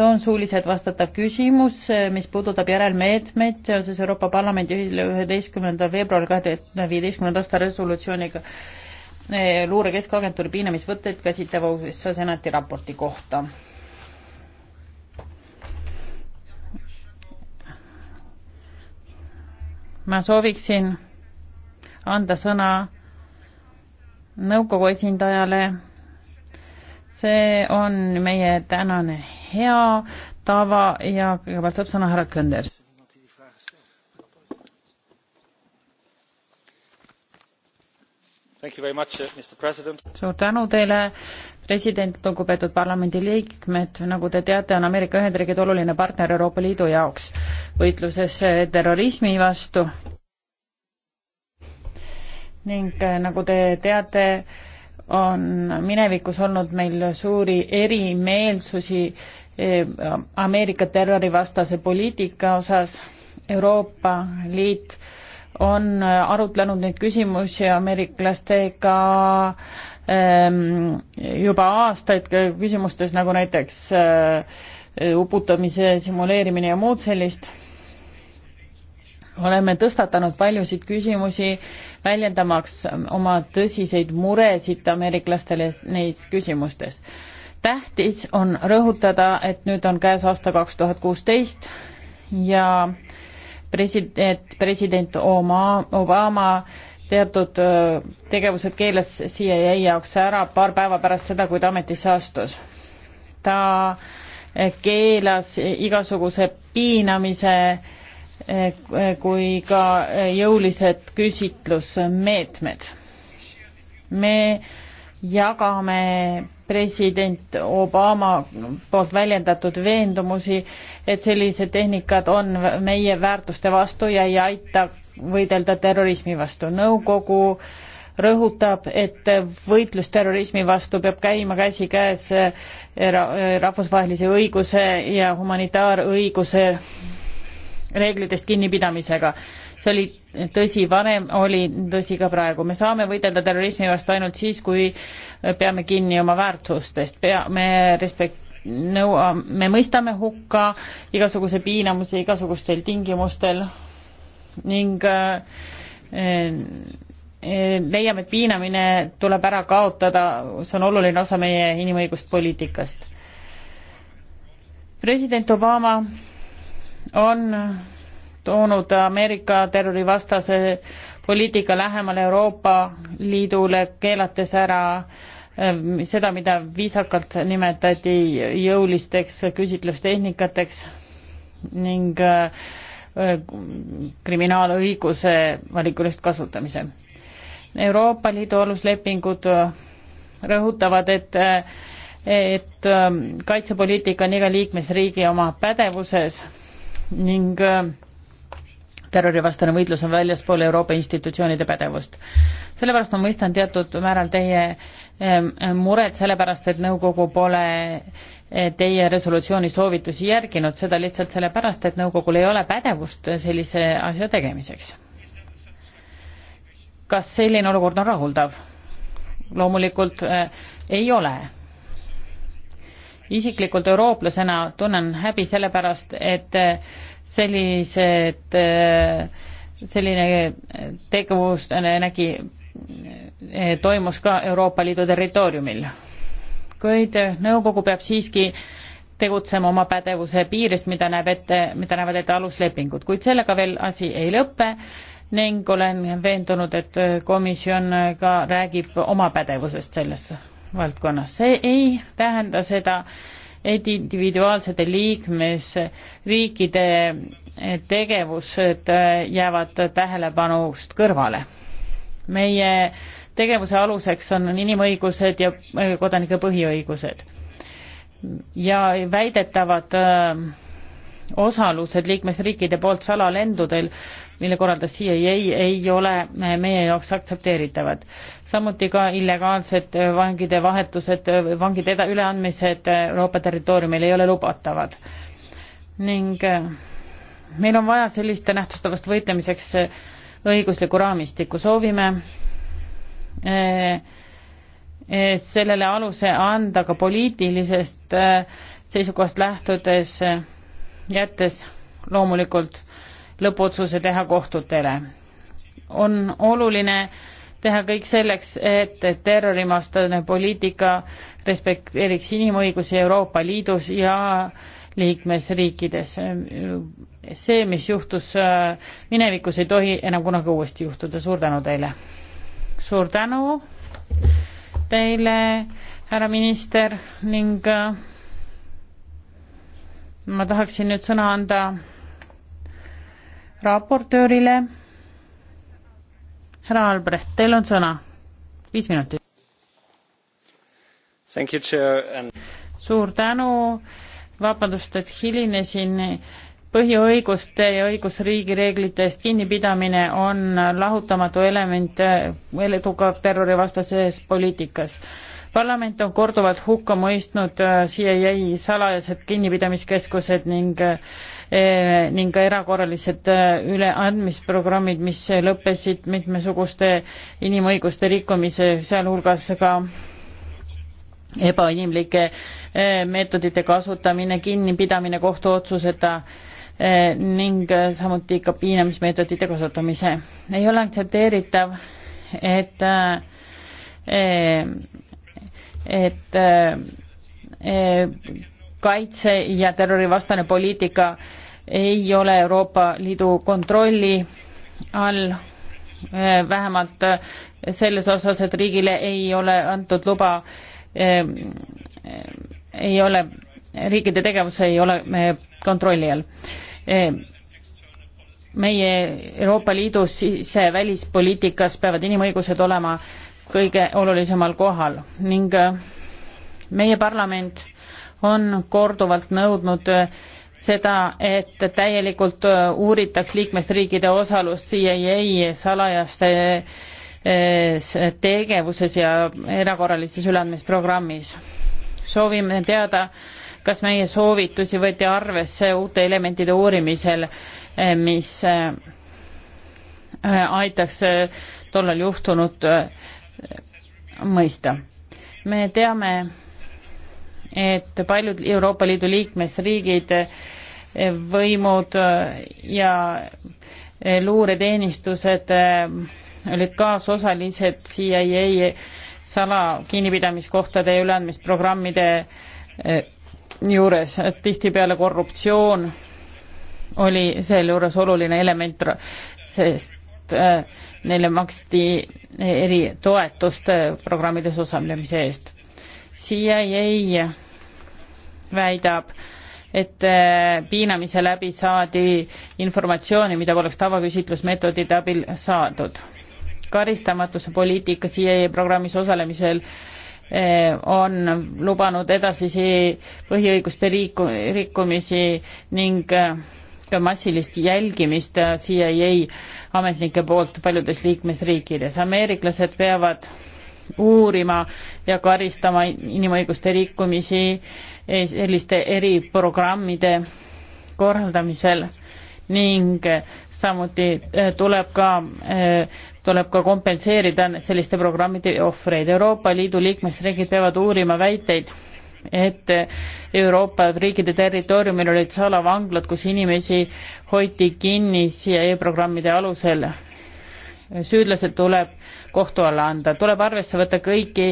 on suuliselt vastata küsimus, mis puudutab järelmeetmeid seoses Euroopa Parlamendi üheteistkümnendal veebruaril kahe tuhande viieteistkümnenda aasta resolutsiooniga eh, luure keskagentuuri piinamisvõtteid käsitleva USA senati raporti kohta. ma sooviksin anda sõna nõukogu esindajale. see on meie tänane hea tava ja kõigepealt saab sõna härra Könders. Uh, suur tänu teile, president, lugupeetud parlamendiliikmed, nagu te teate, on Ameerika Ühendriigid oluline partner Euroopa Liidu jaoks võitluses uh, terrorismi vastu. ning uh, nagu te teate, on minevikus olnud meil suuri erimeelsusi äh, Eh, Ameerika terrorivastase poliitika osas. Euroopa Liit on eh, arutlenud neid küsimusi ameeriklastega ehm, juba aastaid küsimustes nagu näiteks eh, uputamise simuleerimine ja muud sellist. oleme tõstatanud paljusid küsimusi, väljendamaks oma tõsiseid muresid ameeriklastele neis küsimustes tähtis on rõhutada, et nüüd on käes aasta kaks tuhat kuusteist ja president, president Obama, Obama teatud tegevused keelas CIA jaoks ära paar päeva pärast seda, kui ta ametisse astus. ta eh, keelas igasuguse piinamise eh, eh, kui ka jõulised küsitlusmeetmed. me jagame president Obama poolt väljendatud veendumusi, et sellised tehnikad on meie väärtuste vastu ja ei aita võidelda terrorismi vastu. nõukogu rõhutab, et võitlus terrorismi vastu peab käima käsikäes rahvusvahelise õiguse ja humanitaarõiguse reeglitest kinnipidamisega see oli tõsi varem, oli tõsi ka praegu. me saame võidelda terrorismi vastu ainult siis, kui peame kinni oma väärtustest, peame respekt-, nõua, me mõistame hukka igasuguse piinamise igasugustel tingimustel ning äh, äh, leiame, et piinamine tuleb ära kaotada, see on oluline osa meie inimõiguspoliitikast. president Obama on toonud Ameerika terrorivastase poliitika lähemale Euroopa Liidule, keelates ära eh, seda, mida viisakalt nimetati jõulisteks küsitlustehnikateks ning eh, kriminaalõiguse valikulist kasutamise. Euroopa Liidu aluslepingud eh, rõhutavad, et et kaitsepoliitika on iga liikmesriigi oma pädevuses ning äh, terrorivastane võitlus on väljaspool Euroopa institutsioonide pädevust. sellepärast ma mõistan teatud määral teie muret, sellepärast et nõukogu pole eh, teie resolutsiooni soovitusi järginud, seda lihtsalt sellepärast, et nõukogul ei ole pädevust sellise asja tegemiseks. kas selline olukord on rahuldav? loomulikult äh, ei ole. isiklikult eurooplasena tunnen häbi selle pärast, et äh, sellised, äh, selline tegevus äh, nägi, äh, toimus ka Euroopa Liidu territooriumil. kuid nõukogu peab siiski tegutsema oma pädevuse piirist, mida näeb ette, mida näevad ette aluslepingud, kuid sellega veel asi ei lõpe ning olen veendunud, et komisjon ka räägib oma pädevusest selles valdkonnas. see ei tähenda seda, et individuaalsete liikmesriikide tegevused jäävad tähelepanust kõrvale. meie tegevuse aluseks on inimõigused ja kodanike põhiõigused. ja väidetavad äh, osalused liikmesriikide poolt salalendudel mille korraldas CIA, ei ole meie jaoks aktsepteeritavad. samuti ka illegaalsed vangide vahetused, vangide üleandmised Euroopa territooriumil ei ole lubatavad. ning äh, meil on vaja selliste nähtuste vastu võitlemiseks äh, õiguslikku raamistikku, soovime äh, sellele aluse anda ka poliitilisest seisukohast lähtudes, jättes loomulikult äh, lõpuotsuse teha kohtutele. on oluline teha kõik selleks, et terrorimastane poliitika respekteeriks inimõigusi Euroopa Liidus ja liikmesriikides. see, mis juhtus äh, minevikus, ei tohi enam kunagi uuesti juhtuda. suur tänu teile! suur tänu teile, härra minister ning äh, ma tahaksin nüüd sõna anda raportöörile. härra Albrecht, teil on sõna, viis minutit. And... suur tänu, vabandust, et hilinesin põhiõiguste ja õigusriigi reeglitest kinnipidamine on lahutamatu element äh, eduka terrorivastases poliitikas. parlament on korduvalt hukka mõistnud äh, CIA salajased kinnipidamiskeskused ning äh, Eh, ning ka erakorralised eh, üleandmisprogrammid, mis lõppesid mitmesuguste inimõiguste rikkumise, sealhulgas ka ebainimlike eh, meetodite kasutamine, kinnipidamine kohtuotsuseta ning samuti ka piinamismeetodite kasutamise. ei ole aktsepteeritav, et, et, et kaitse ja terrorivastane poliitika äh, ei ole Euroopa Liidu kontrolli all, eh, vähemalt eh, selles osas, et riigile ei ole antud luba, eh, ei ole, riikide tegevus ei ole kontrolli all meie Euroopa Liidu sise- välispoliitikas peavad inimõigused olema kõige olulisemal kohal ning meie parlament on korduvalt nõudnud seda, et täielikult äh, uuritaks liikmesriigide osalust CIA salajaste äh, tegevuses ja erakorralises üleandmisprogrammis. soovime teada, kas meie soovitusi võeti arvesse uute elementide uurimisel, äh, mis aitaks tollal juhtunut mõista. me teame, et paljud Euroopa Liidu liikmesriigid, eh, võimud eh, ja eh, luureteenistused olid kaasosalised CIA salakinnipidamiskohtade üleandmisprogrammide juures, tihtipeale korruptsioon oli sealjuures oluline element, sest neile maksti eritoetust programmides osalemise eest CIA väidab, et äh, piinamise läbi saadi informatsiooni, mida poleks tavaküsitlusmeetodite abil saadud. karistamatuse poliitika CIA programmis osalemisel äh, on lubanud edasisi põhiõiguste riiku-, rikkumisi ning äh, massilist jälgimist CIA ametnike poolt paljudes liikmesriikides. ameeriklased peavad uurima ja karistama inimõiguste rikkumisi e, selliste eriprogrammide korraldamisel ning samuti e, tuleb ka, e, tuleb ka kompenseerida selliste programmide ohvreid. Euroopa Liidu liikmesriigid peavad uurima väiteid, et Euroopa riikide territooriumil olid salavanglad, kus inimesi hoiti kinni CIA programmide alusel. süüdlased tuleb äh, kohtu alla anda, tuleb arvesse võtta kõiki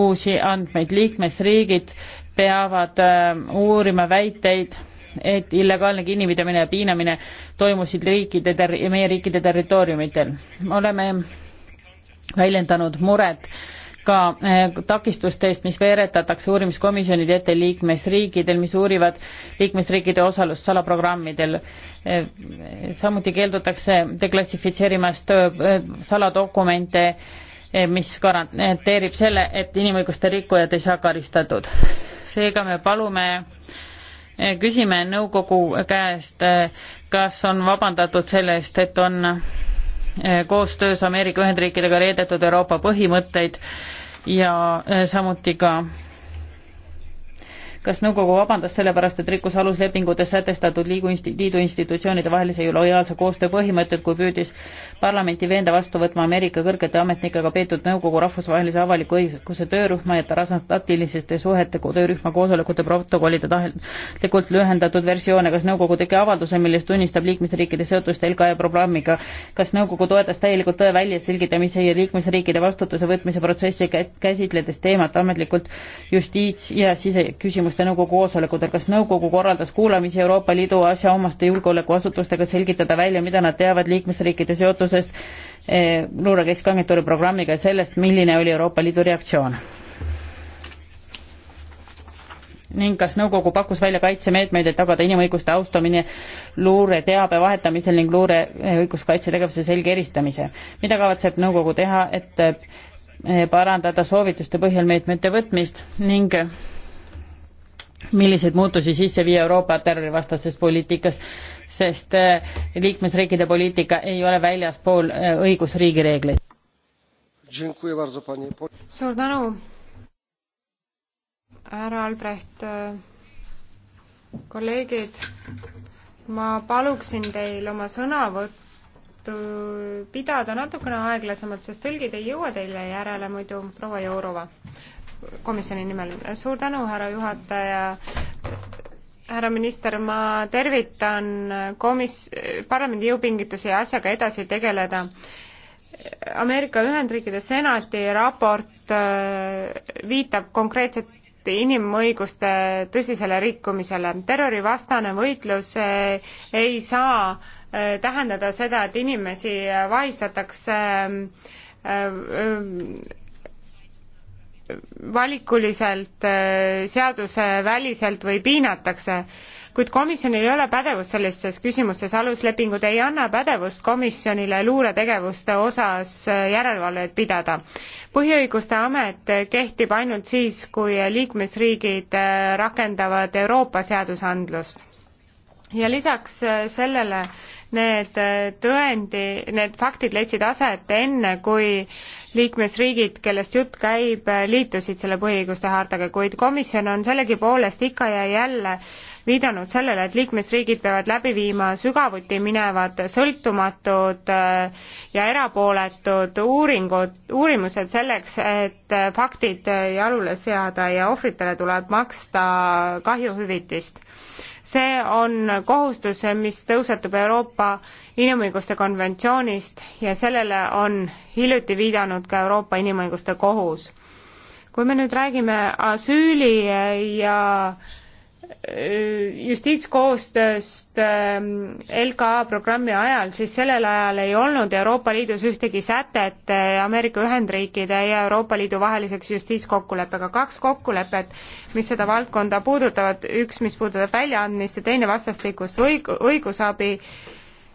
uusi andmeid, liikmesriigid peavad äh, uurima väiteid, et illegaalne kinnipidamine ja piinamine toimusid riikide ter-, meie riikide territooriumitel. oleme väljendanud muret äh, ka eh, takistustest, mis veeretatakse uurimiskomisjonide ette liikmesriikidel, mis uurivad liikmesriikide osalust salaprogrammidel. Eh, samuti keeldutakse deklassifitseerimast eh, saladokumente, mis garanteerib selle, et inimõiguste rikkujad ei saa karistatud. seega me palume küsime nõukogu käest, kas on vabandatud selle eest, et on koostöös Ameerika Ühendriikidega reedetud Euroopa põhimõtteid ja äh, samuti ka kas nõukogu vabandas selle pärast, et rikkus aluslepingutes sätestatud liidu institutsioonide vahelise lojaalse koostöö põhimõtted, kui püüdis parlamenti veenda vastu võtma Ameerika kõrgete ametnikega peetud nõukogu rahvusvahelise avaliku õiguse töörühma ja transatlantiliste suhete töörühma koosolekute protokollide tahtlikult lühendatud versioone, kas nõukogu tegi avalduse, milles tunnistab liikmesriikide seotust LKE programmiga, kas nõukogu toetas täielikult tõe väljaselgitamise ja liikmesriikide vastutuse võtmise protsessi käsitledes teemat ametlikult justiits- ja siseküsimuste nõukogu koosolekutel, kas nõukogu korraldas kuulamisi Euroopa Liidu asjaomaste julgeolekuasutustega selgitada välja, mida nad teavad liikmesriikide seotust seosest eh, Luure Keskagentuuri programmiga ja sellest, milline oli Euroopa Liidu reaktsioon. ning kas nõukogu pakkus välja kaitsemeetmeid, et tagada inimõiguste austamine luure teabe vahetamisel ning luure eh, õiguskaitsetegevuse selge eristamise. mida kavatseb nõukogu teha, et eh, parandada soovituste põhjal meetmete võtmist ning milliseid muutusi sisse viia Euroopa terrorivastases poliitikas, sest äh, liikmesriikide poliitika ei ole väljaspool äh, õigusriigi reegleid. suur tänu, härra Albrecht. Äh, kolleegid, ma paluksin teil oma sõnavõttu vastu pidada natukene aeglasemalt, sest tõlgid ei jõua teile järele, muidu proua Jourova komisjoni nimel. suur tänu, härra juhataja härra minister, ma tervitan komis-, parlamendi jõupingutusi asjaga edasi tegeleda. Ameerika Ühendriikide senati raport äh, viitab konkreetselt inimõiguste tõsisele rikkumisele. terrorivastane võitlus äh, ei saa Äh, tähendada seda, et inimesi äh, vahistatakse ähm, ähm, valikuliselt, äh, seaduseväliselt või piinatakse, kuid komisjonil ei ole pädevust sellistes küsimustes, aluslepingud ei anna pädevust komisjonile luuretegevuste osas järelevalvet pidada. põhiõiguste amet kehtib ainult siis, kui liikmesriigid rakendavad Euroopa seadusandlust. ja lisaks sellele need äh, tõendi, need faktid leidsid aset enne, kui liikmesriigid, kellest jutt käib, äh, liitusid selle põhiõiguste hartaga, kuid komisjon on sellegipoolest ikka ja jälle viidanud sellele, et liikmesriigid peavad läbi viima sügavuti minevad sõltumatud äh, ja erapooletud uuringud, uurimused selleks, et faktid jalule seada ja ohvritele tuleb maksta kahjuhüvitist see on kohustus, mis tõusetub Euroopa Inimõiguste konventsioonist ja sellele on hiljuti viidanud ka Euroopa Inimõiguste Kohus. kui me nüüd räägime asüüli ja justiitskoostööst ähm, LKA programmi ajal, siis sellel ajal ei olnud Euroopa Liidus ühtegi sätet äh, Ameerika Ühendriikide ja Euroopa Liidu vaheliseks justiitskokkuleppega. kaks kokkulepet, mis seda valdkonda puudutavad, üks, mis puudutab väljaandmist ja teine vastastikust õig-, õigusabi,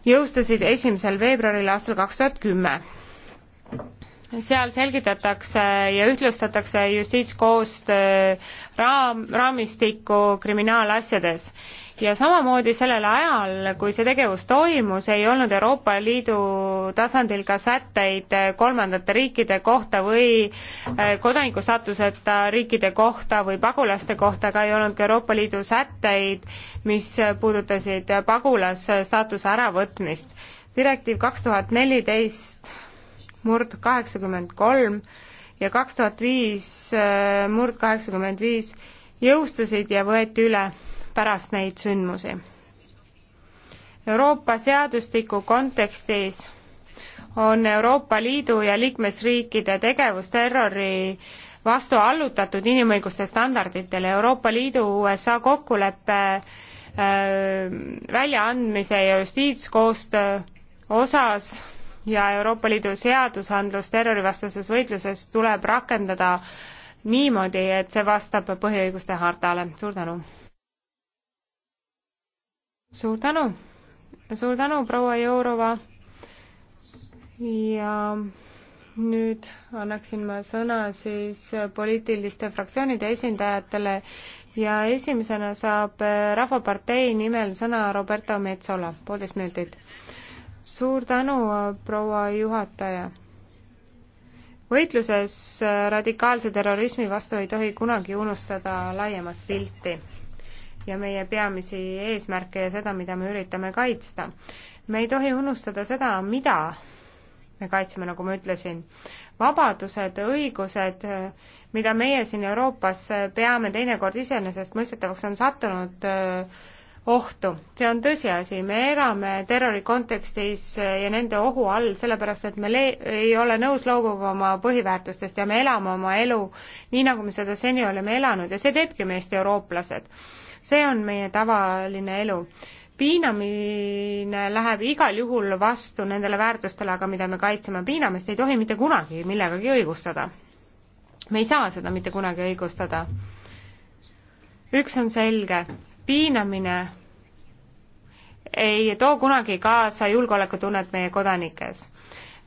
jõustusid esimesel veebruaril aastal kaks tuhat kümme seal selgitatakse ja ühtlustatakse justiitskoostöö raam, raamistikku kriminaalasjades. ja samamoodi sellel ajal, kui see tegevus toimus, ei olnud Euroopa Liidu tasandil ka sätteid kolmandate riikide kohta või äh, kodanikustaatuseta riikide kohta või pagulaste kohta, ka ei olnud ka Euroopa Liidu sätteid, mis puudutasid pagulasstaatuse äravõtmist. direktiiv kaks tuhat neliteist murd kaheksakümmend kolm ja kaks tuhat viis äh, murd kaheksakümmend viis jõustusid ja võeti üle pärast neid sündmusi. Euroopa seadustiku kontekstis on Euroopa Liidu ja liikmesriikide tegevus terrori vastu allutatud inimõiguste standarditele. Euroopa Liidu USA kokkuleppe äh, väljaandmise ja justiitskoostöö osas ja Euroopa Liidu seadusandlus terrorivastases võitluses tuleb rakendada niimoodi, et see vastab põhiõiguste hartale. suur tänu! suur tänu! suur tänu, proua Jourova! ja nüüd annaksin ma sõna siis poliitiliste fraktsioonide esindajatele ja esimesena saab Rahvapartei nimel sõna Roberto Metsola, poolteist minutit suur tänu, proua juhataja. võitluses äh, radikaalse terrorismi vastu ei tohi kunagi unustada laiemat pilti ja meie peamisi eesmärke ja seda, mida me üritame kaitsta. me ei tohi unustada seda, mida me kaitseme, nagu ma ütlesin, vabadused, õigused, äh, mida meie siin Euroopas äh, peame teinekord iseenesestmõistetavaks, on sattunud äh, ohtu. see on tõsiasi, me elame terrori kontekstis eh, ja nende ohu all, sellepärast et me le-, ei ole nõus loobuma oma põhiväärtustest ja me elame oma elu nii, nagu me seda seni oleme elanud ja see teebki meist eurooplased. see on meie tavaline elu. piinamine läheb igal juhul vastu nendele väärtustele, aga mida me kaitseme, piinamist ei tohi mitte kunagi millegagi õigustada. me ei saa seda mitte kunagi õigustada üks on selge, piinamine ei too kunagi kaasa julgeolekutunnet meie kodanikes.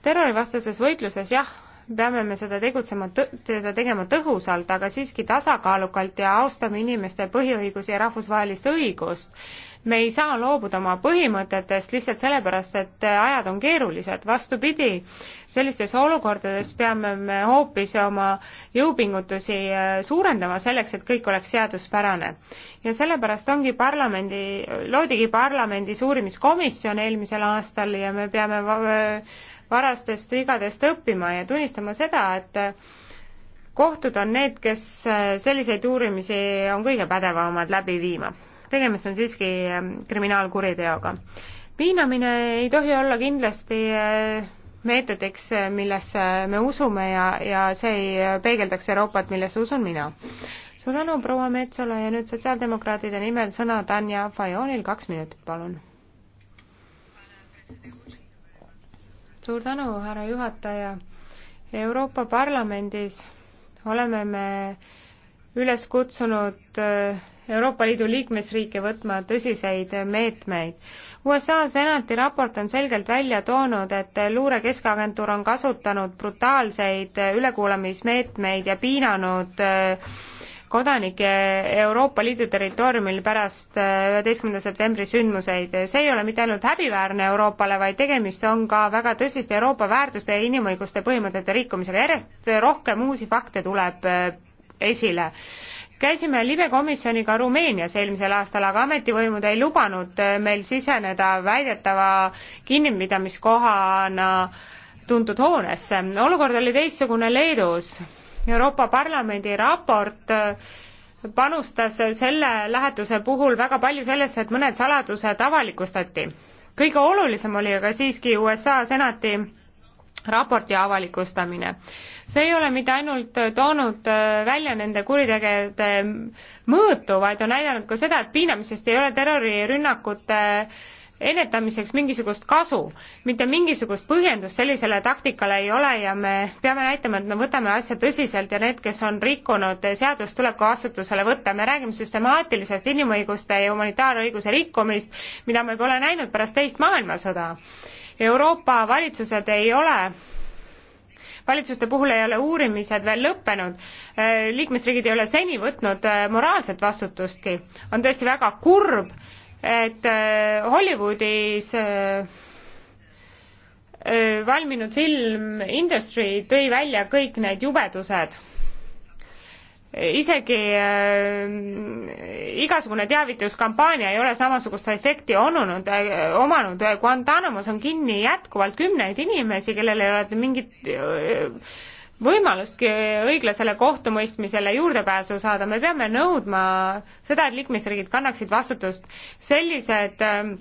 terrorivastases võitluses jah peame me seda tegutsema, seda tegema tõhusalt, aga siiski tasakaalukalt ja austame inimeste põhiõigusi ja rahvusvahelist õigust. me ei saa loobuda oma põhimõtetest lihtsalt sellepärast, et ajad on keerulised, vastupidi, sellistes olukordades peame me hoopis oma jõupingutusi äh, suurendama selleks, et kõik oleks seaduspärane. ja sellepärast ongi parlamendi, loodigi parlamendis uurimiskomisjon eelmisel aastal ja me peame varastest vigadest õppima ja tunnistama seda, et äh, kohtud on need, kes äh, selliseid uurimisi on kõige pädevamad läbi viima. tegemist on siiski äh, kriminaalkuriteoga. piinamine ei tohi olla kindlasti meetodiks, millesse me usume ja, ja see ei peegeldaks Euroopat, millesse usun mina. suur tänu, proua Metsola ja nüüd sotsiaaldemokraatide nimel sõna Tanja Fajonil, kaks minutit, palun suur tänu, härra juhataja. Euroopa Parlamendis oleme me üles kutsunud äh, Euroopa Liidu liikmesriike võtma tõsiseid meetmeid. USA senati raport on selgelt välja toonud, et luure keskagentuur on kasutanud brutaalseid äh, ülekuulamismeetmeid ja piinanud äh, kodanikke Euroopa Liidu territooriumil pärast äh, üheteistkümnenda septembri sündmuseid. see ei ole mitte ainult häbiväärne Euroopale, vaid tegemist on ka väga tõsiste Euroopa väärtuste ja inimõiguste põhimõtete rikkumisega. järjest rohkem uusi fakte tuleb äh, esile käisime libekomisjoniga Rumeenias eelmisel aastal, aga ametivõimud ei lubanud äh, meil siseneda väidetava kinnipidamiskohana tuntud hoonesse. olukord oli teistsugune Leedus Euroopa Parlamendi raport äh, panustas selle lähetuse puhul väga palju sellesse, et mõned saladused avalikustati. kõige olulisem oli aga siiski USA senati raporti avalikustamine. see ei ole mitte ainult toonud äh, välja nende kuritegude mõõtu, vaid on näidanud ka seda, et piinamisest ei ole terrorirünnakute ennetamiseks mingisugust kasu, mitte mingisugust põhjendust sellisele taktikale ei ole ja me peame näitama, et me võtame asja tõsiselt ja need, kes on rikkunud seadust, tuleb ka vastutusele võtta. me räägime süstemaatilisest inimõiguste ja humanitaarõiguse rikkumist, mida me pole näinud pärast teist maailmasõda. Euroopa valitsused ei ole valitsuste puhul ei ole uurimised veel lõppenud, liikmesriigid ei ole seni võtnud moraalset vastutustki. on tõesti väga kurb, et äh, Hollywoodis äh, äh, valminud film Industry tõi välja kõik need jubedused. isegi äh, igasugune teavituskampaania ei ole samasugust efekti onunud äh,, omanud. Guantanamos on kinni jätkuvalt kümneid inimesi, kellel ei ole mingit äh, võimalustki õiglasele kohtumõistmisele juurdepääsu saada, me peame nõudma seda, et liikmesriigid kannaksid vastutust. sellised ähm,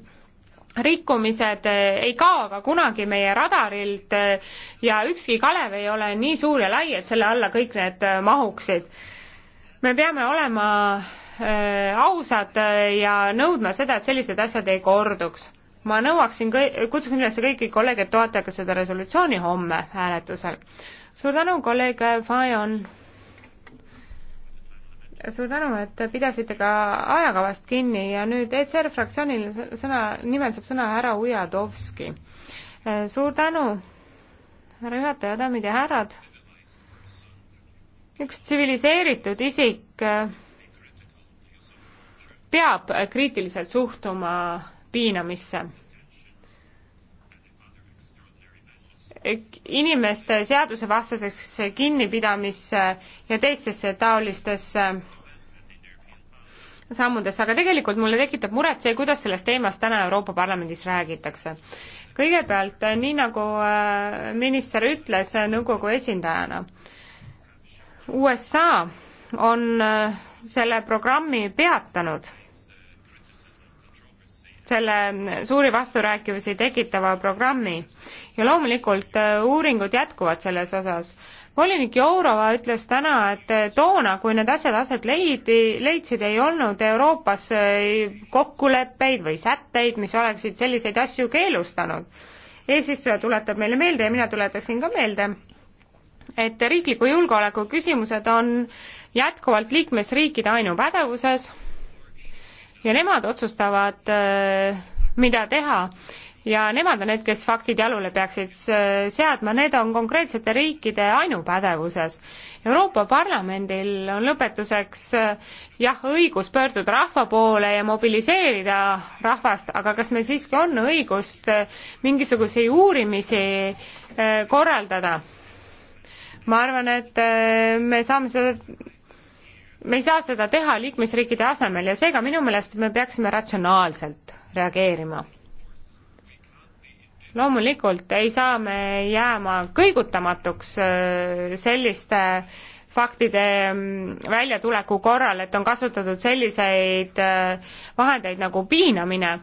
rikkumised äh, ei kao ka kunagi meie radarilt äh, ja ükski kalev ei ole nii suur ja lai, et selle alla kõik need äh, mahuksid. me peame olema ausad ja nõudma seda, et sellised asjad ei korduks ma nõuaksin, kutsun üles kõiki kolleege, et toetage seda resolutsiooni homme hääletusel suur tänu, kolleeg Fajon. suur tänu, et pidasite ka ajakavast kinni ja nüüd ECR fraktsioonil sõna, nimel saab sõna härra Ujadovski. suur tänu, härra juhataja, daamid ja härrad. üks tsiviliseeritud isik peab kriitiliselt suhtuma piinamisse inimeste seadusevastaseks kinnipidamisse ja teistesse taolistesse sammudesse, aga tegelikult mulle tekitab muret see, kuidas sellest teemast täna Euroopa Parlamendis räägitakse. kõigepealt, äh, nii nagu äh, minister ütles äh, nõukogu esindajana, USA on selle programmi peatanud selle suuri vasturääkivusi tekitava programmi. ja loomulikult äh, uuringud jätkuvad selles osas. volinik Jourova ütles täna, et äh, toona, kui need asjad aset leidi, leidsid, ei olnud Euroopas äh, kokkuleppeid või sätteid, mis oleksid selliseid asju keelustanud. eesistuja tuletab meile meelde ja mina tuletaksin ka meelde, et riikliku julgeoleku küsimused on jätkuvalt liikmesriikide ainupädevuses ja nemad otsustavad, äh, mida teha ja nemad on need, kes faktid jalule peaksid äh, seadma, need on konkreetsete riikide ainupädevuses. Euroopa Parlamendil on lõpetuseks äh, jah, õigus pöörduda rahva poole ja mobiliseerida rahvast, aga kas meil siiski on õigust mingisuguseid uurimisi korraldada? ma arvan, et me saame seda me ei saa seda teha liikmesriikide asemel ja seega minu meelest me peaksime ratsionaalselt reageerima. loomulikult ei saa me jääma kõigutamatuks äh, selliste faktide mm, väljatuleku korral, et on kasutatud selliseid äh, vahendeid nagu piinamine,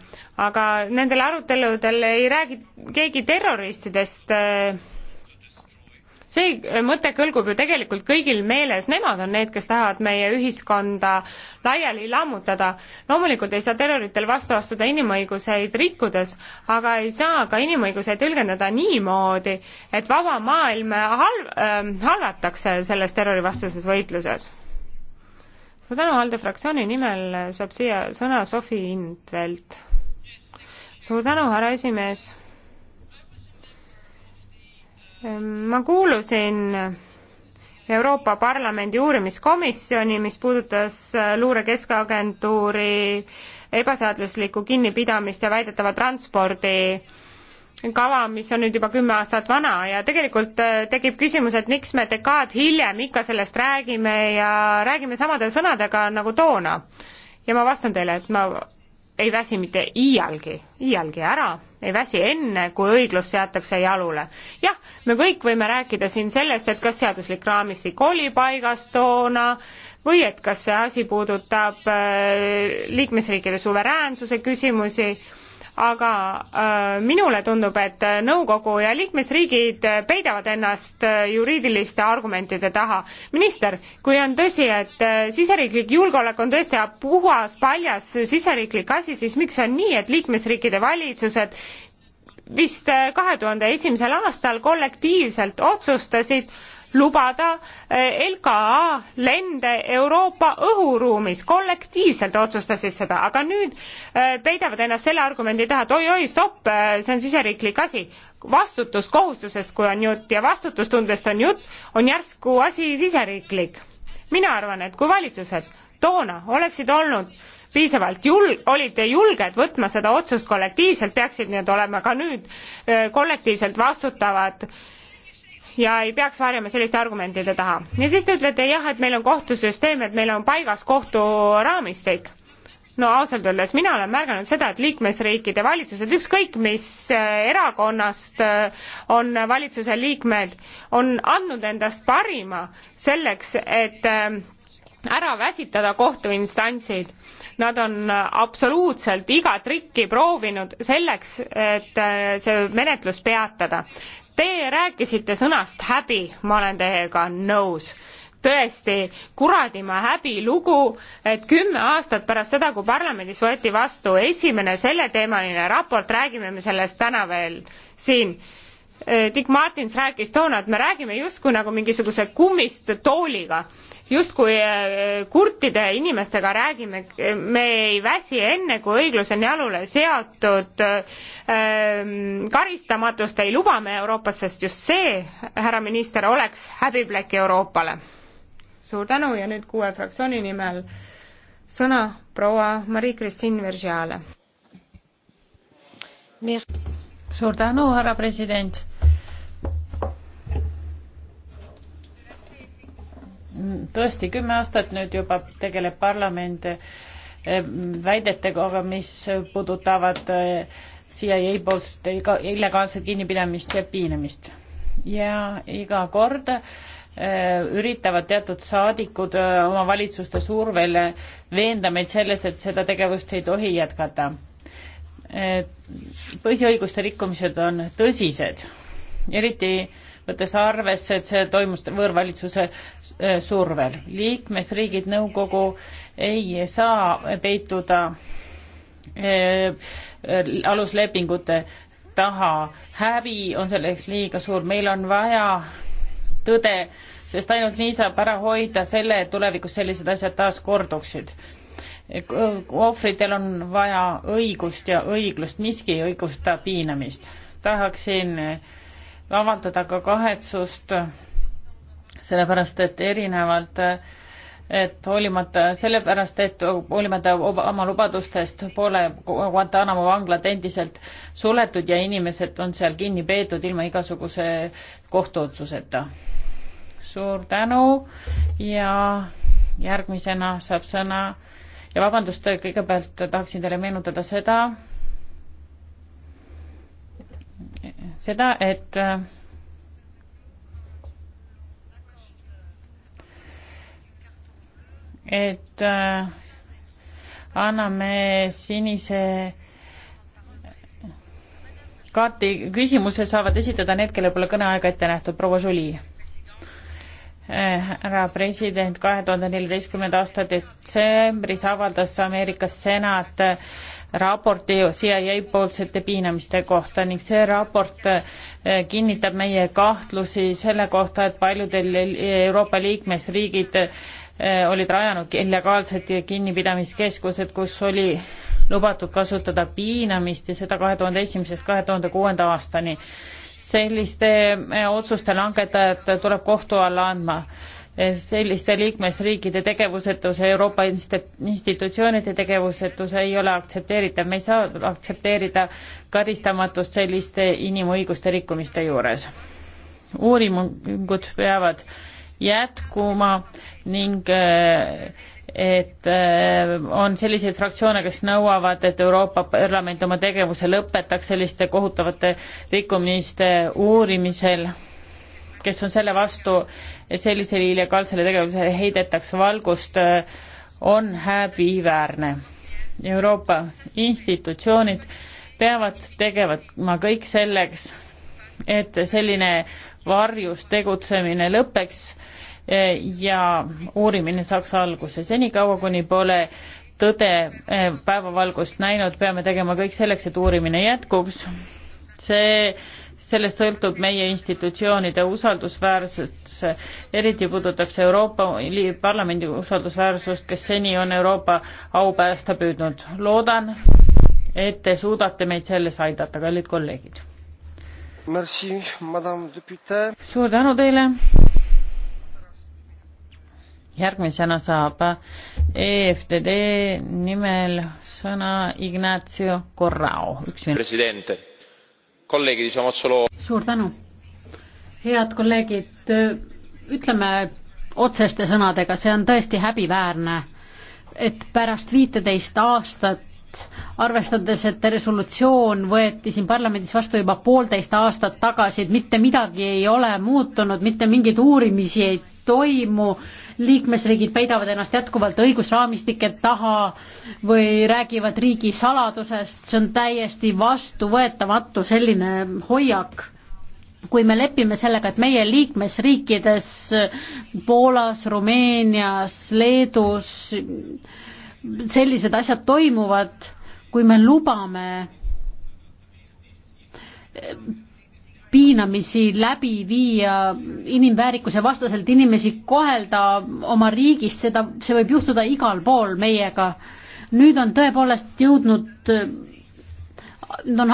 aga nendel aruteludel ei räägi keegi terroristidest äh, see mõte kõlgub ju tegelikult kõigil meeles, nemad on need, kes tahavad meie ühiskonda laiali lammutada. loomulikult ei saa terroritel vastu astuda inimõiguseid rikkudes, aga ei saa ka inimõiguseid tõlgendada niimoodi, et vaba maailm halv- äh,, halvatakse selles terrorivastases võitluses. suur tänu, ALDE fraktsiooni nimel saab siia sõna Sofi Intvelt. suur tänu, härra esimees Ehm, ma kuulusin Euroopa Parlamendi uurimiskomisjoni, mis puudutas äh, luurekeskagentuuri ebaseaduslikku kinnipidamist ja väidetava transpordi kava, mis on nüüd juba kümme aastat vana ja tegelikult äh, tekib küsimus, et miks me dekaad hiljem ikka sellest räägime ja räägime samade sõnadega nagu toona. ja ma vastan teile, et ma ei väsi mitte iialgi, iialgi ära ei väsi enne, kui õiglus seatakse jalule. jah, me kõik võime rääkida siin sellest, et kas seaduslik raamistik oli paigas toona või et kas see asi puudutab äh, liikmesriikide suveräänsuse küsimusi aga äh, minule tundub, et nõukogu ja liikmesriigid peidavad ennast äh, juriidiliste argumentide taha. minister, kui on tõsi, et äh, siseriiklik julgeolek on tõesti puhas, paljas siseriiklik asi, siis miks on nii, et liikmesriikide valitsused vist äh, kahe tuhande esimesel aastal kollektiivselt otsustasid äh, lubada eh, LKA lende Euroopa õhuruumis, kollektiivselt otsustasid seda, aga nüüd eh, peidavad ennast selle argumendi taha, et oi-oi, stopp, eh, see on siseriiklik asi. vastutuskohustusest, kui on jutt ja vastutustundest on jutt, on järsku asi siseriiklik. mina arvan, et kui valitsused toona oleksid olnud piisavalt jul-, olite julged võtma seda otsust kollektiivselt, peaksid need olema ka nüüd kollektiivselt vastutavad äh, ja ei peaks varjama selliste argumentide taha. ja siis te ütlete jah, et meil on kohtusüsteem, et meil on paigas kohturaamistik. no ausalt öeldes mina olen märganud seda, et liikmesriikide valitsused, ükskõik mis äh, erakonnast äh, on valitsuse liikmed, on andnud endast parima selleks, et äh, ära väsitada kohtuinstantsid nad on absoluutselt iga trikki proovinud selleks, et see menetlus peatada. Teie rääkisite sõnast häbi, ma olen teiega nõus tõesti kuradima häbilugu, et kümme aastat pärast seda, kui parlamendis võeti vastu esimene selleteemaline raport, räägime me sellest täna veel siin. Eh, Dick Martins rääkis toona, et me räägime justkui nagu mingisuguse kummist tooliga justkui äh, kurtide inimestega räägime, me ei väsi enne, kui õiglus on jalule seatud, ähm, karistamatust ei luba me Euroopas, sest just see, härra minister, oleks häbiplekk Euroopale. suur tänu ja nüüd kuue fraktsiooni nimel sõna proua Marie-Christine Vergeale. suur tänu, härra president tõesti kümme aastat nüüd juba tegeleb parlament eh, väidetega, aga mis puudutavad eh, CIA poolset illegaalset kinnipidamist ja piinamist. ja iga kord eh, üritavad teatud saadikud oma valitsuste survel veenda meid selles, et seda tegevust ei tohi jätkata. põhiõiguste rikkumised on tõsised, eriti võttes arvesse, et see toimus võõrvalitsuse äh, survel. liikmesriigid nõukogu ei saa peituda äh, aluslepingute taha. häbi on selleks liiga suur, meil on vaja tõde, sest ainult nii saab ära hoida selle, et tulevikus sellised asjad taas korduksid. ohvritel on vaja õigust ja õiglust, miski ei õigusta piinamist. tahaksin äh, avaldada ka kahetsust, sellepärast et erinevalt et hoolimata, sellepärast et hoolimata oma lubadustest pole Guantanamo vanglad endiselt suletud ja inimesed on seal kinni peetud ilma igasuguse kohtuotsuseta. suur tänu ja järgmisena saab sõna ja vabandust, kõigepealt tahaksin teile meenutada seda, seda, et et anname sinise kaarti küsimuse saavad esitada need, kellel pole kõneaega ette nähtud, proua Žuli. härra president, kahe tuhande neljateistkümnenda aasta detsembris avaldas Ameerika senat raporti CIA poolsete piinamiste kohta ning see raport äh, kinnitab meie kahtlusi selle kohta, et paljudel Euroopa liikmesriigid äh, olid rajanud illegaalsed kinnipidamiskeskused, kus oli lubatud kasutada piinamist ja seda kahe tuhande esimesest kahe tuhande kuuenda aastani. selliste äh, otsuste langetajad tuleb kohtu alla andma selliste liikmesriikide tegevusetuse, Euroopa institutsioonide tegevusetuse ei ole aktsepteeritav, me ei saa aktsepteerida karistamatust selliste inimõiguste rikkumiste juures. uuringud peavad jätkuma ning äh, et äh, on selliseid fraktsioone, kes nõuavad, et Euroopa Parlament oma tegevuse lõpetaks selliste kohutavate rikkumiste uurimisel, kes on selle vastu, et sellisele illegaalsele tegevusele heidetakse valgust, äh, on häbiväärne. Euroopa institutsioonid peavad tegema kõik selleks, et selline varjus tegutsemine lõpeks äh, ja uurimine saaks alguse. senikaua, kuni pole tõde äh, päevavalgust näinud, peame tegema kõik selleks, et uurimine jätkuks. see sellest sõltub meie institutsioonide usaldusväärsus, eriti puudutab see Euroopa Parlamendi usaldusväärsust, kes seni on Euroopa au päästa püüdnud. loodan, et te suudate meid selles aidata, kallid kolleegid. suur tänu teile. järgmisena saab EFTD nimel sõna Ignacio Corrao, üks minut. president suur tänu. head kolleegid, ütleme otseste sõnadega, see on tõesti häbiväärne, et pärast viiteist aastat arvestades, et resolutsioon võeti siin parlamendis vastu juba poolteist aastat tagasi, et mitte midagi ei ole muutunud, mitte mingeid uurimisi ei toimu, liikmesriigid peidavad ennast jätkuvalt õigusraamistike taha või räägivad riigisaladusest, see on täiesti vastuvõetamatu selline hoiak. kui me lepime sellega, et meie liikmesriikides Poolas, Rumeenias, Leedus sellised asjad toimuvad, kui me lubame piinamisi läbi viia, inimväärikuse vastaselt inimesi kohelda oma riigis, seda, see võib juhtuda igal pool meiega. nüüd on tõepoolest jõudnud, on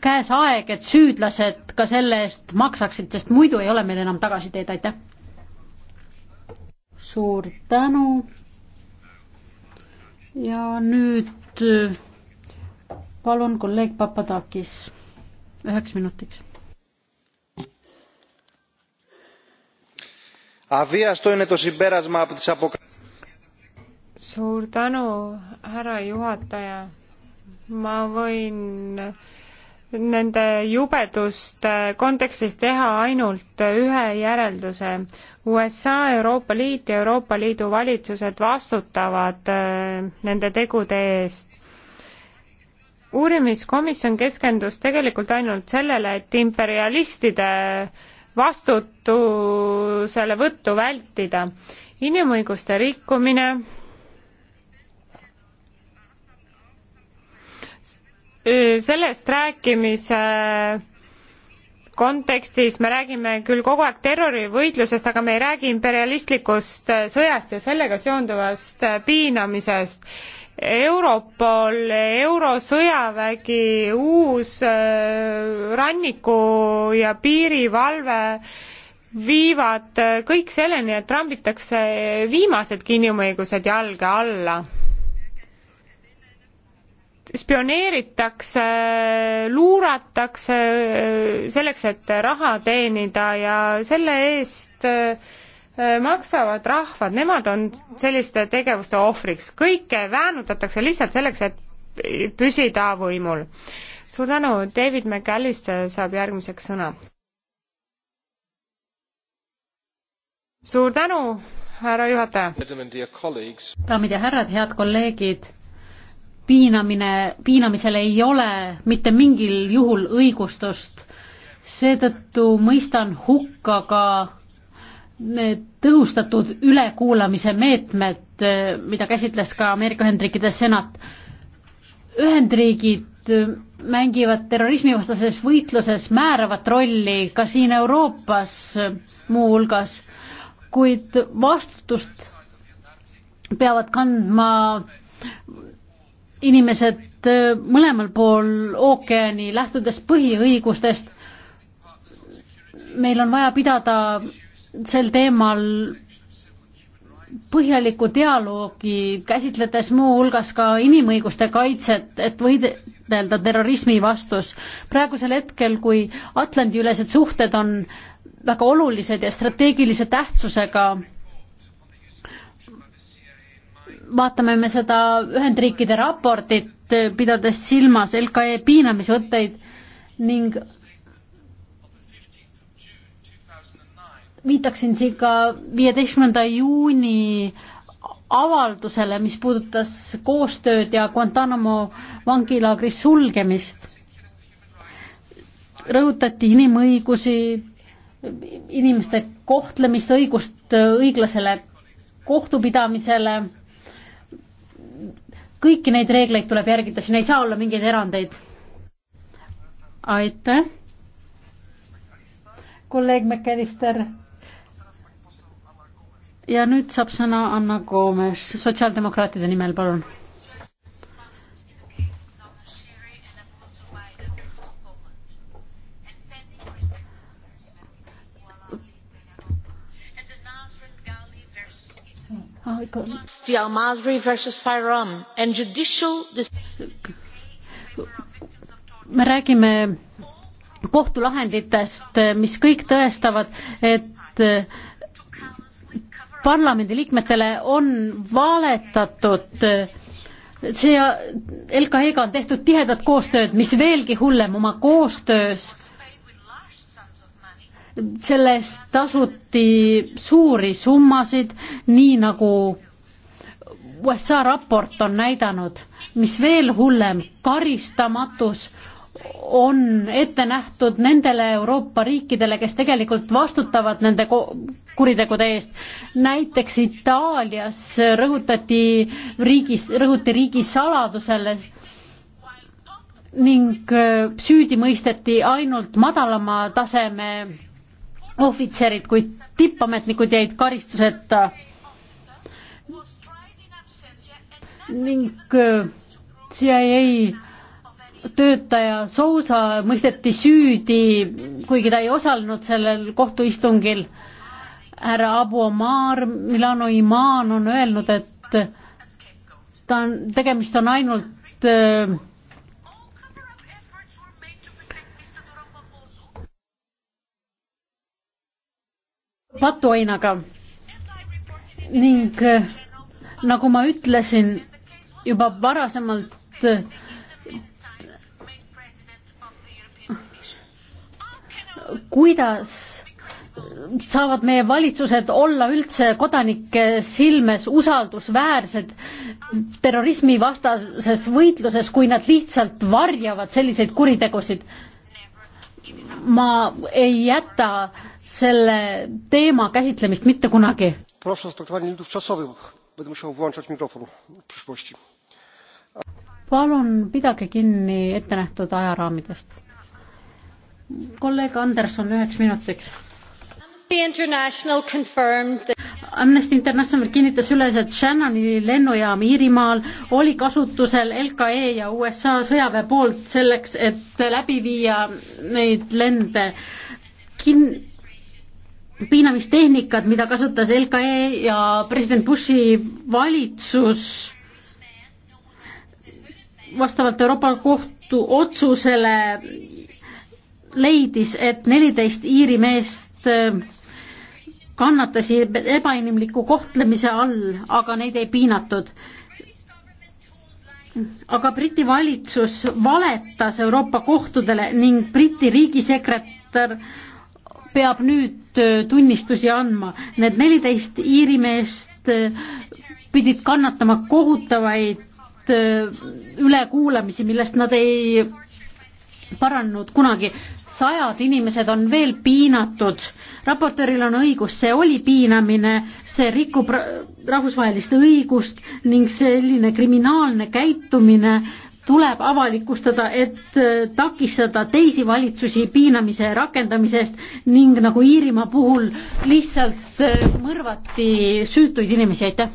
käes aeg, et süüdlased ka selle eest maksaksid, sest muidu ei ole meil enam tagasiteed, aitäh! suur tänu ja nüüd palun kolleeg Papadakis üheks minutiks. suur tänu, härra juhataja. ma võin nende jubeduste kontekstis teha ainult ühe järelduse. USA, Euroopa Liit ja Euroopa Liidu valitsused vastutavad äh, nende tegude eest uurimiskomisjon keskendus tegelikult ainult sellele, et imperialistide vastutusele võttu vältida. inimõiguste rikkumine, sellest rääkimise kontekstis me räägime küll kogu aeg terrorivõitlusest, aga me ei räägi imperialistlikust sõjast ja sellega seonduvast piinamisest Europol, Eurosõjavägi, uus äh, ranniku- ja piirivalve viivad äh, kõik selleni, et trambitakse viimasedki inimõigused jalge alla. spioneeritakse, luuratakse äh, selleks, et raha teenida ja selle eest äh, Äh, maksavad rahvad, nemad on selliste tegevuste ohvriks, kõike väänutatakse lihtsalt selleks, et püsida võimul. suur tänu, David McAllister äh, saab järgmiseks sõna. suur tänu, härra juhataja. daamid ja härrad, head kolleegid, piinamine, piinamisel ei ole mitte mingil juhul õigustust, seetõttu mõistan hukka ka need tõhustatud ülekuulamise meetmed, eh, mida käsitles ka Ameerika Ühendriikide senat. Ühendriigid eh, mängivad terrorismivastases võitluses määravat rolli ka siin Euroopas eh, muuhulgas, kuid vastutust peavad kandma inimesed mõlemal pool ookeani, lähtudes põhiõigustest. meil on vaja pidada sel teemal põhjalikku dialoogi, käsitledes muuhulgas ka inimõiguste kaitset, et võidelda terrorismi vastus. praegusel hetkel, kui Atlandi-ülesed suhted on väga olulised ja strateegilise tähtsusega, vaatame me seda Ühendriikide raportit, pidades silmas LKE piinamisvõtteid ning viitaksin siin ka viieteistkümnenda juuni avaldusele, mis puudutas koostööd ja Guantanamo vangilaagri sulgemist. rõhutati inimõigusi, inimeste kohtlemist, õigust õiglasele kohtupidamisele, kõiki neid reegleid tuleb järgida, siin ei saa olla mingeid erandeid. aitäh! kolleeg McAllister ja nüüd saab sõna Anna Koomes sotsiaaldemokraatide nimel, palun. me räägime kohtulahenditest, mis kõik tõestavad, et parlamendiliikmetele on valetatud. see LKE-ga on tehtud tihedat koostööd, mis veelgi hullem, oma koostöös selle eest tasuti suuri summasid, nii nagu USA raport on näidanud, mis veel hullem, karistamatus on ette nähtud nendele Euroopa riikidele, kes tegelikult vastutavad nende kuritegude eest. näiteks Itaalias rõhutati riigis, rõhuti riigisaladusele ning äh, süüdi mõisteti ainult madalama taseme ohvitserid, kuid tippametnikud jäid karistuseta. ning äh, CIA töötaja Sousa mõisteti süüdi, kuigi ta ei osalenud sellel kohtuistungil. härra Abu Omar, Milano imaan on öelnud, et ta on, tegemist on ainult äh, patuainaga ning äh, nagu ma ütlesin juba varasemalt, kuidas saavad meie valitsused olla üldse kodanike silmes usaldusväärsed terrorismivastases võitluses, kui nad lihtsalt varjavad selliseid kuritegusid. ma ei jäta selle teema käsitlemist mitte kunagi. palun pidage kinni ettenähtud ajaraamidest kolleeg Anderson üheks minutiks. Amnesty International kinnitas üles, et Shannoni lennujaam Iirimaal oli kasutusel LKE ja USA sõjaväe poolt selleks, et läbi viia neid lende Kin. piinamistehnikad, mida kasutas LKE ja president Bushi valitsus vastavalt Euroopa Kohtu otsusele leidis, et neliteist Iiri meest äh, kannatasid ebainimliku kohtlemise all, aga neid ei piinatud. aga Briti valitsus valetas Euroopa kohtudele ning Briti riigisekretär peab nüüd äh, tunnistusi andma. Need neliteist Iiri meest äh, pidid kannatama kohutavaid ülekuulamisi, millest nad ei paranenud kunagi. sajad inimesed on veel piinatud. raportööril on õigus, see oli piinamine, see rikub rahvusvahelist õigust ning selline kriminaalne käitumine tuleb avalikustada, et äh, takistada teisi valitsusi piinamise rakendamise eest ning nagu Iirimaa puhul lihtsalt äh, mõrvati süütuid inimesi, aitäh!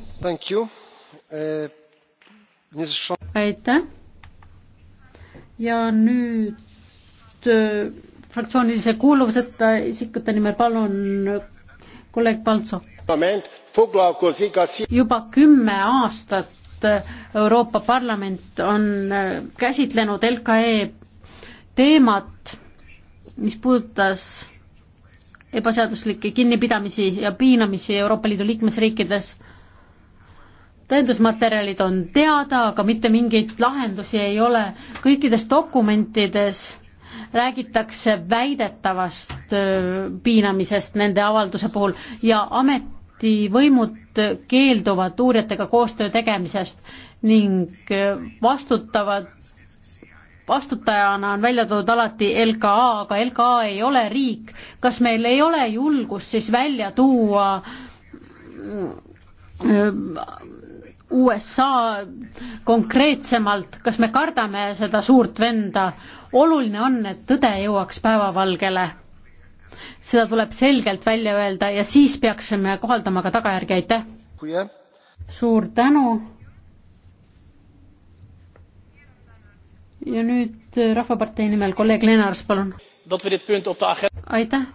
Äh, aitäh! ja nüüd äh, fraktsioonilise kuuluvuseta isikute nimel palun kolleeg Paltso. juba kümme aastat äh, Euroopa Parlament on äh, käsitlenud LKE teemat, mis puudutas ebaseaduslikke kinnipidamisi ja piinamisi Euroopa Liidu liikmesriikides tõendusmaterjalid on teada, aga mitte mingeid lahendusi ei ole. kõikides dokumentides räägitakse väidetavast piinamisest nende avalduse puhul ja ametivõimud keelduvad uurijatega koostöö tegemisest ning vastutavad vastutajana on välja toodud alati LKA, aga LKA ei ole riik. kas meil ei ole julgust siis välja tuua USA konkreetsemalt, kas me kardame seda suurt venda? oluline on, et tõde jõuaks päevavalgele. seda tuleb selgelt välja öelda ja siis peaksime kohaldama ka tagajärgi, aitäh! suur tänu! ja nüüd Rahvapartei nimel kolleeg Lennars, palun! aitäh!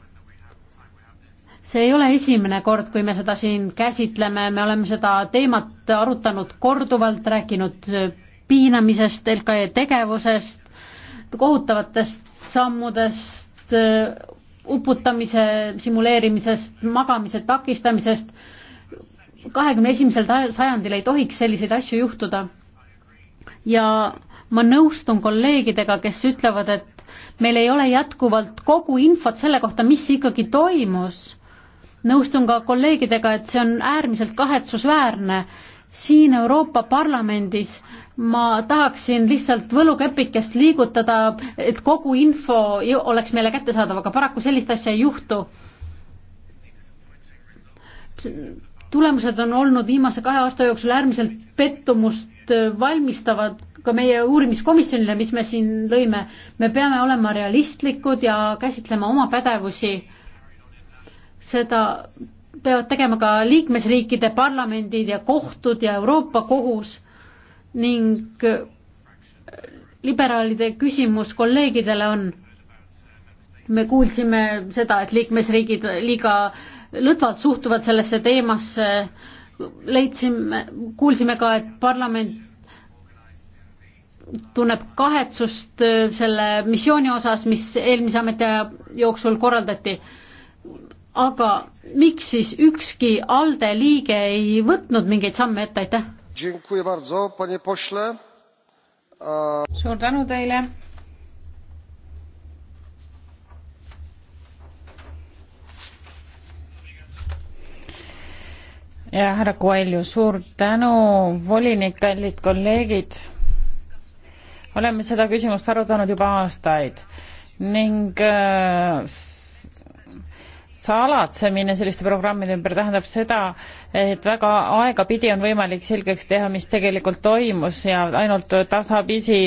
see ei ole esimene kord, kui me seda siin käsitleme, me oleme seda teemat arutanud korduvalt, rääkinud piinamisest, LKE tegevusest, kohutavatest sammudest, uputamise simuleerimisest, magamise takistamisest. kahekümne esimesel sajandil ei tohiks selliseid asju juhtuda. ja ma nõustun kolleegidega, kes ütlevad, et meil ei ole jätkuvalt kogu infot selle kohta, mis ikkagi toimus nõustun ka kolleegidega, et see on äärmiselt kahetsusväärne. siin Euroopa Parlamendis ma tahaksin lihtsalt võlukepikest liigutada, et kogu info oleks meile kättesaadav, aga paraku sellist asja ei juhtu. tulemused on olnud viimase kahe aasta jooksul äärmiselt pettumust valmistavad ka meie uurimiskomisjonile, mis me siin lõime, me peame olema realistlikud ja käsitlema oma pädevusi seda peavad tegema ka liikmesriikide parlamendid ja kohtud ja Euroopa Kohus ning liberaalide küsimus kolleegidele on, me kuulsime seda, et liikmesriigid liiga lõdvalt suhtuvad sellesse teemasse, leidsime, kuulsime ka, et parlament tunneb kahetsust selle missiooni osas, mis eelmise ametiaja jooksul korraldati aga miks siis ükski ALDE liige ei võtnud mingeid samme ette, aitäh? suur tänu teile. ja härra Koelju, suur tänu, volinik, kallid kolleegid. oleme seda küsimust arutanud juba aastaid ning äh, salatsemine selliste programmide ümber tähendab seda, et väga aegapidi on võimalik selgeks teha, mis tegelikult toimus ja ainult tasapisi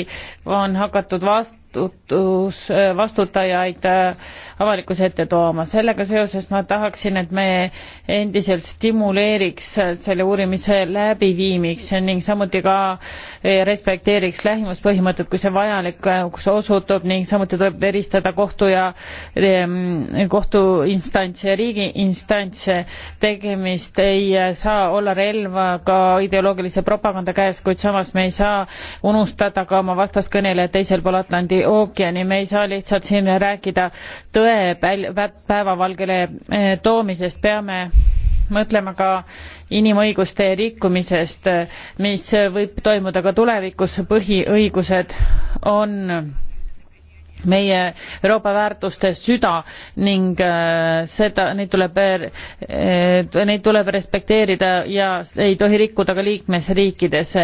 on hakatud vast-, vastutus, vastutajaid äh, avalikkuse ette tooma. sellega seoses ma tahaksin, et me endiselt stimuleeriks selle uurimise läbiviimiks ning samuti ka äh, respekteeriks lähimuspõhimõtet, kui see vajalikuks osutub ning samuti tuleb eristada kohtu ja ähm, kohtuinstantse ja riigiinstantse. tegemist ei saa olla relvaga ideoloogilise propaganda käes, kuid samas me ei saa unustada ka oma vastaskõnelejad teisel pool Atlandi Atlandi ookeani, me ei saa lihtsalt siin rääkida tõe päevavalgele eh, toomisest, peame mõtlema ka inimõiguste rikkumisest, mis võib toimuda ka tulevikus, põhiõigused on meie Euroopa väärtuste süda ning äh, seda, neid tuleb, neid tuleb respekteerida ja ei tohi rikkuda ka liikmesriikides.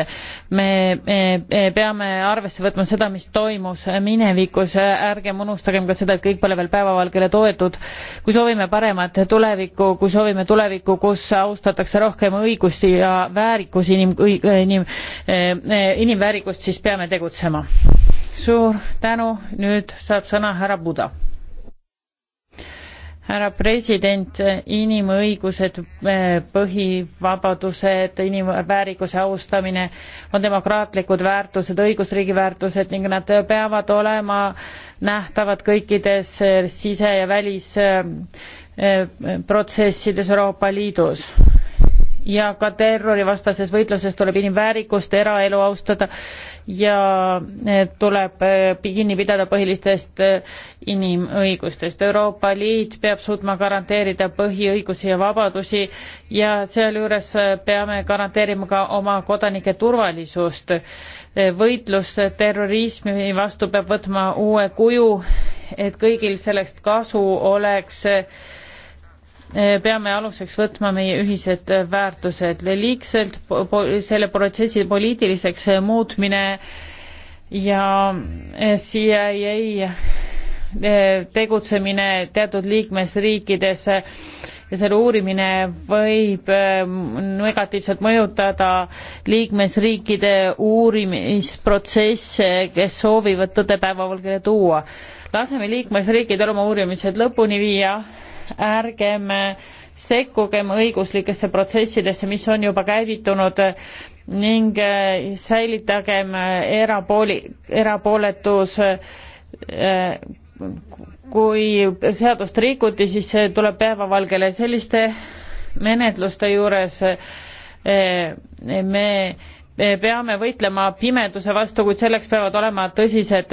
me, me, me peame arvesse võtma seda, mis toimus minevikus, ärgem unustagem ka seda, et kõik pole veel päevavalgele toetud. kui soovime paremat tulevikku, kui soovime tulevikku, kus austatakse rohkem õigusi ja väärikusi, inim-, inim-, äh, äh, inimväärikust, siis peame tegutsema suur tänu, nüüd saab sõna härra Buda. härra president, inimõigused, eh, põhivabadused, inimväärikuse austamine on demokraatlikud väärtused, õigusriigi väärtused ning nad peavad olema nähtavad kõikides eh, sise- ja välisprotsessides eh, Euroopa Liidus ja ka terrorivastases võitluses tuleb inimväärikust, eraelu austada ja eh, tuleb eh, kinni pidada põhilistest eh, inimõigustest. Euroopa Liit peab suutma garanteerida põhiõigusi ja vabadusi ja sealjuures peame garanteerima ka oma kodanike turvalisust. võitlus terrorismi vastu peab võtma uue kuju, et kõigil sellest kasu oleks Eh, peame aluseks võtma meie ühised eh, väärtused. liigselt selle protsessi poliitiliseks eh, muutmine ja CIA tegutsemine teatud liikmesriikides ja selle uurimine võib negatiivselt mõjutada liikmesriikide uurimisprotsesse, kes soovivad tõde päevavalgele tuua. laseme liikmesriikidel oma uurimised lõpuni viia ärgem sekkugem õiguslikesse protsessidesse, mis on juba käivitunud ning eh, säilitagem eh, erapooli, erapooletus. Eh, kui seadust rikuti, siis tuleb päevavalgele selliste menetluste juures me peame võitlema pimeduse vastu, kuid selleks peavad olema tõsised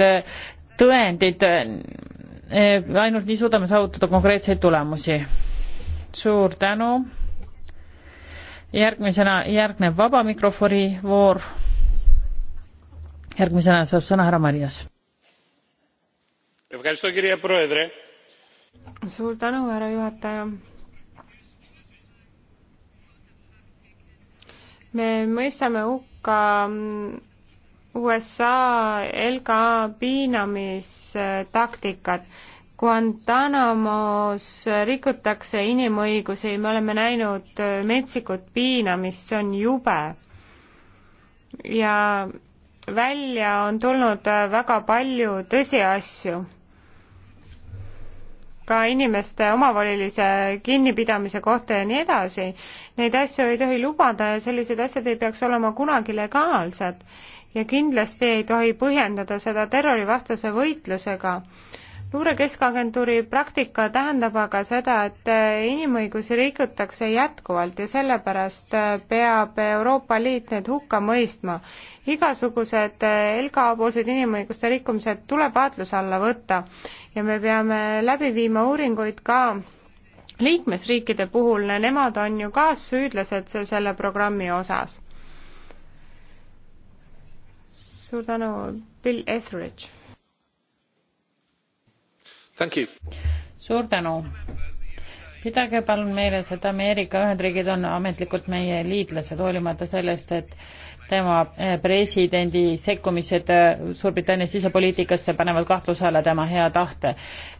tõendid Eh, ainult nii suudame saavutada konkreetseid tulemusi. suur tänu. järgmisena järgneb vaba mikrofoni voor. järgmisena saab sõna härra Marias. suur tänu, härra juhataja. me mõistame hukka mm, USA LKA piinamistaktikat. Guantanamos rikutakse inimõigusi, me oleme näinud äh, metsikut piinamist, see on jube. ja välja on tulnud äh, väga palju tõsiasju ka inimeste omavolilise kinnipidamise kohta ja nii edasi. Neid asju ei tohi lubada ja sellised asjad ei peaks olema kunagi legaalsed ja kindlasti ei tohi põhjendada seda terrorivastase võitlusega. luure keskagentuuri praktika tähendab aga seda, et inimõigusi rikutakse jätkuvalt ja sellepärast peab Euroopa Liit need hukka mõistma. igasugused LKA-poolsed inimõiguste rikkumised tuleb vaatluse alla võtta ja me peame läbi viima uuringuid ka liikmesriikide puhul, nemad on ju kaassüüdlased selle programmi osas suur tänu, Bill Etheridge. suur tänu. pidage palun meeles, et Ameerika Ühendriigid on ametlikult meie liitlased, hoolimata sellest, et tema eh, presidendi sekkumised eh, Suurbritannia sisepoliitikasse panevad kahtluse alla tema hea tahte.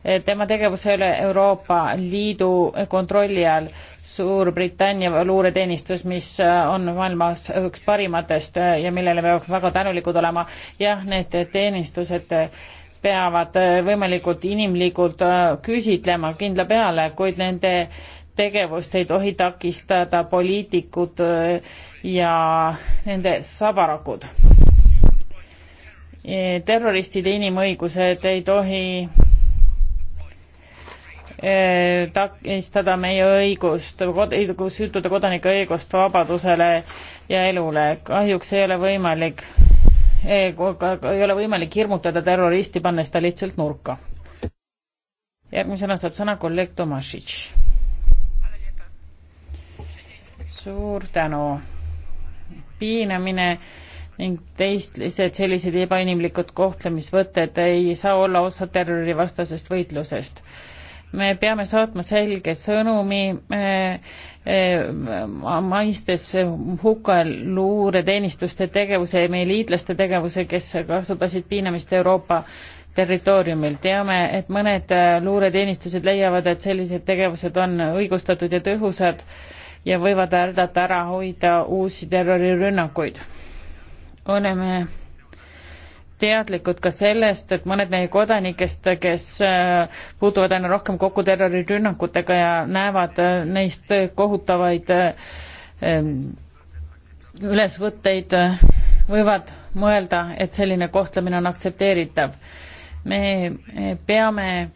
Eh, tema tegevus ei ole Euroopa Liidu kontrolli all. Suurbritannia luureteenistus, mis on maailmas üks parimatest ja millele peab väga tänulikud olema, jah, need teenistused peavad võimalikult inimlikult küsitlema kindla peale, kuid nende tegevust ei tohi takistada poliitikud äh, ja nende sabarakud. terroristide inimõigused ei tohi äh, takistada meie õigust, õigus ütelda kodanike õigust vabadusele ja elule. kahjuks ei ole võimalik, ei ole võimalik hirmutada terroristi, pannes ta lihtsalt nurka. järgmisena saab sõna kolleeg Tomašitš suur tänu. piinamine ning teised sellised ebainimlikud kohtlemisvõtted ei saa olla osa terrorivastasest võitlusest. me peame saatma selge sõnumi maistes hukka luureteenistuste tegevuse ja meie liitlaste tegevuse, kes kasutasid piinamist Euroopa territooriumil. teame, et mõned luureteenistused leiavad, et sellised tegevused on õigustatud ja tõhusad ja võivad aidata ära hoida uusi terrorirünnakuid. oleme teadlikud ka sellest, et mõned meie kodanikest, kes äh, puutuvad aina rohkem kokku terrorirünnakutega ja näevad äh, neist kohutavaid äh, ähm, ülesvõtteid, võivad mõelda, et selline kohtlemine on aktsepteeritav. me peame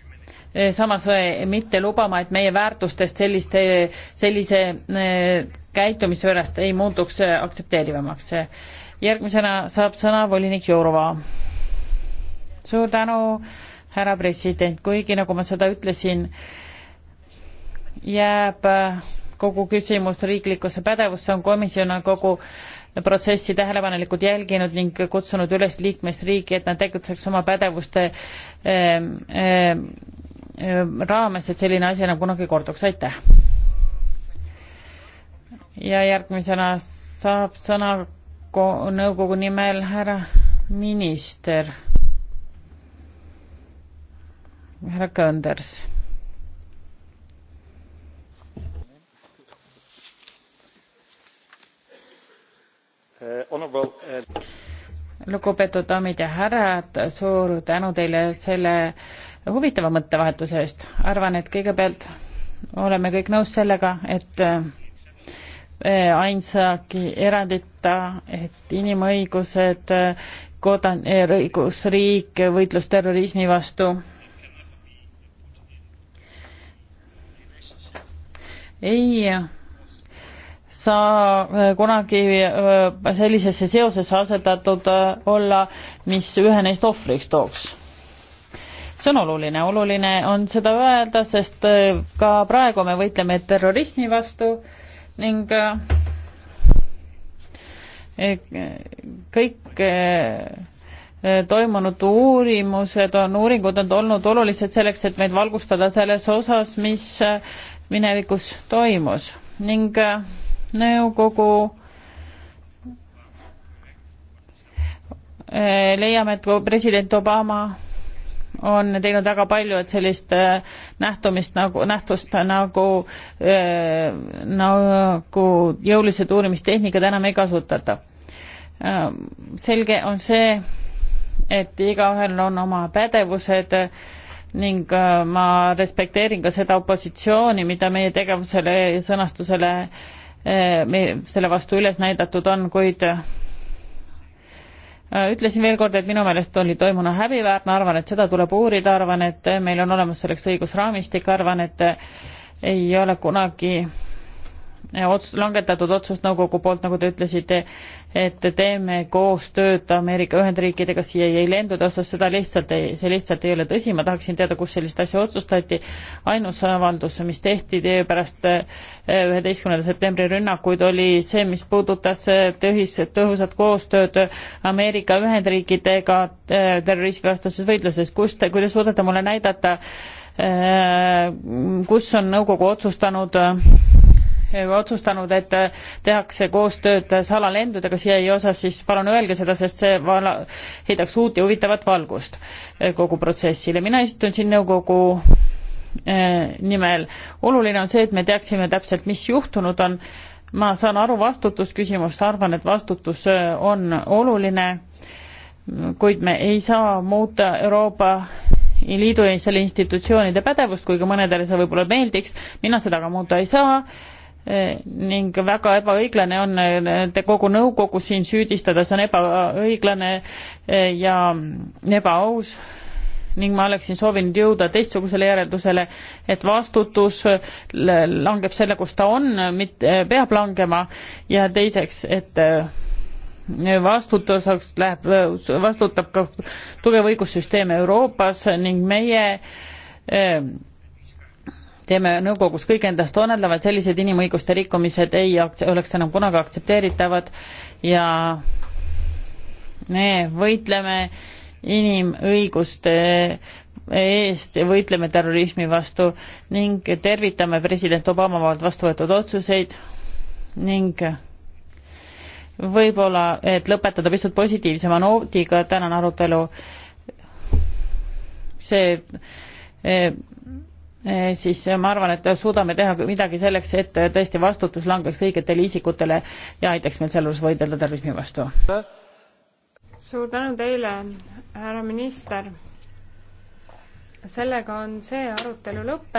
Eh, samas eh, mitte lubama, et meie väärtustest selliste, sellise eh, käitumise pärast ei muutuks aktsepteerivamaks. järgmisena saab sõna volinik Jourova. suur tänu, härra president, kuigi nagu ma seda ütlesin, jääb kogu küsimus riiklikusse pädevusse, on komisjon on kogu protsessi tähelepanelikult jälginud ning kutsunud üles liikmesriigi, et nad tegutseks oma pädevuste ähm, ähm, Äh, raames, et selline asi enam kunagi ei korduks, aitäh. ja järgmisena saab sõna nõukogu nimel härra minister, härra Kõnders lugupeetud daamid ja härrad, suur tänu teile selle huvitava mõttevahetuse eest. arvan, et kõigepealt oleme kõik nõus sellega, et e, ainsagi erandita, et inimõigused, e, kodan-, e, õigusriik, võitlus terrorismi vastu ei saa kunagi sellisesse seosesse asetatud olla, mis ühe neist ohvriks tooks see on oluline, oluline on seda öelda, sest äh, ka praegu me võitleme terrorismi vastu ning äh, eh, kõik äh, eh, toimunud uurimused on, uuringud on olnud olulised selleks, et meid valgustada selles osas, mis minevikus toimus ning nõukogu leiame, et president Obama on teinud väga palju, et sellist äh, nähtumist nagu, nähtust nagu äh,, nagu jõulised uurimistehnikad enam ei kasutata äh,. selge on see, et igaühel on oma pädevused ning äh, ma respekteerin ka seda opositsiooni, mida meie tegevusele ja sõnastusele, äh, selle vastu üles näidatud on, kuid Äh, ütlesin veel kord, et minu meelest oli toimunu häbiväärne, arvan, et seda tuleb uurida, arvan, et meil on olemas selleks õigusraamistik, arvan, et ei ole kunagi ots-, langetatud otsust nõukogu poolt, nagu te ütlesite, et teeme koostööd Ameerika Ühendriikidega CIA lendude osas, seda lihtsalt ei, see lihtsalt ei ole tõsi, ma tahaksin teada, kus sellist asja otsustati. ainus avaldus, mis tehti teie pärast eh, üheteistkümnenda septembri rünnakuid, oli see, mis puudutas eh, tõhis, tõhusat koostööd Ameerika Ühendriikidega eh, terrorismivastases võitluses, kus te, kui te suudate mulle näidata, kus on nõukogu otsustanud Eh, otsustanud, et eh, tehakse koostööd salalendudega CIA osas, siis palun öelge seda, sest see vala-, heidaks uut ja huvitavat valgust eh, kogu protsessile. mina istun siin nõukogu nimel. oluline on see, et me teaksime täpselt, mis juhtunud on. ma saan aru vastutusküsimust, arvan, et vastutus on oluline, kuid me ei saa muuta Euroopa Liidu ja selle institutsioonide pädevust, kuigi mõnedele see võib-olla meeldiks, mina seda ka muuta ei saa ning väga ebaõiglane on kogu nõukogu siin süüdistada, see on ebaõiglane e, ja ebaaus ning ma oleksin soovinud jõuda teistsugusele järeldusele, et vastutus langeb selle, kus ta on, mitte, peab langema ja teiseks, et e, vastutuseks läheb, vastutab ka tugev õigussüsteem Euroopas ning meie e, teeme nõukogus kõik endast olenevalt, sellised inimõiguste rikkumised ei oleks enam kunagi aktsepteeritavad ja me võitleme inimõiguste eest ja võitleme terrorismi vastu ning tervitame president Obama poolt vastu võetud otsuseid ning võib-olla, et lõpetada pisut positiivsema noodiga tänane arutelu, see eh, Eh, siis eh, ma arvan, et suudame teha midagi selleks, et eh, tõesti vastutus langeks õigetele isikutele ja aitaks meil sealjuures võidelda terrorismi vastu. suur tänu teile, härra minister. sellega on see arutelu lõppenud.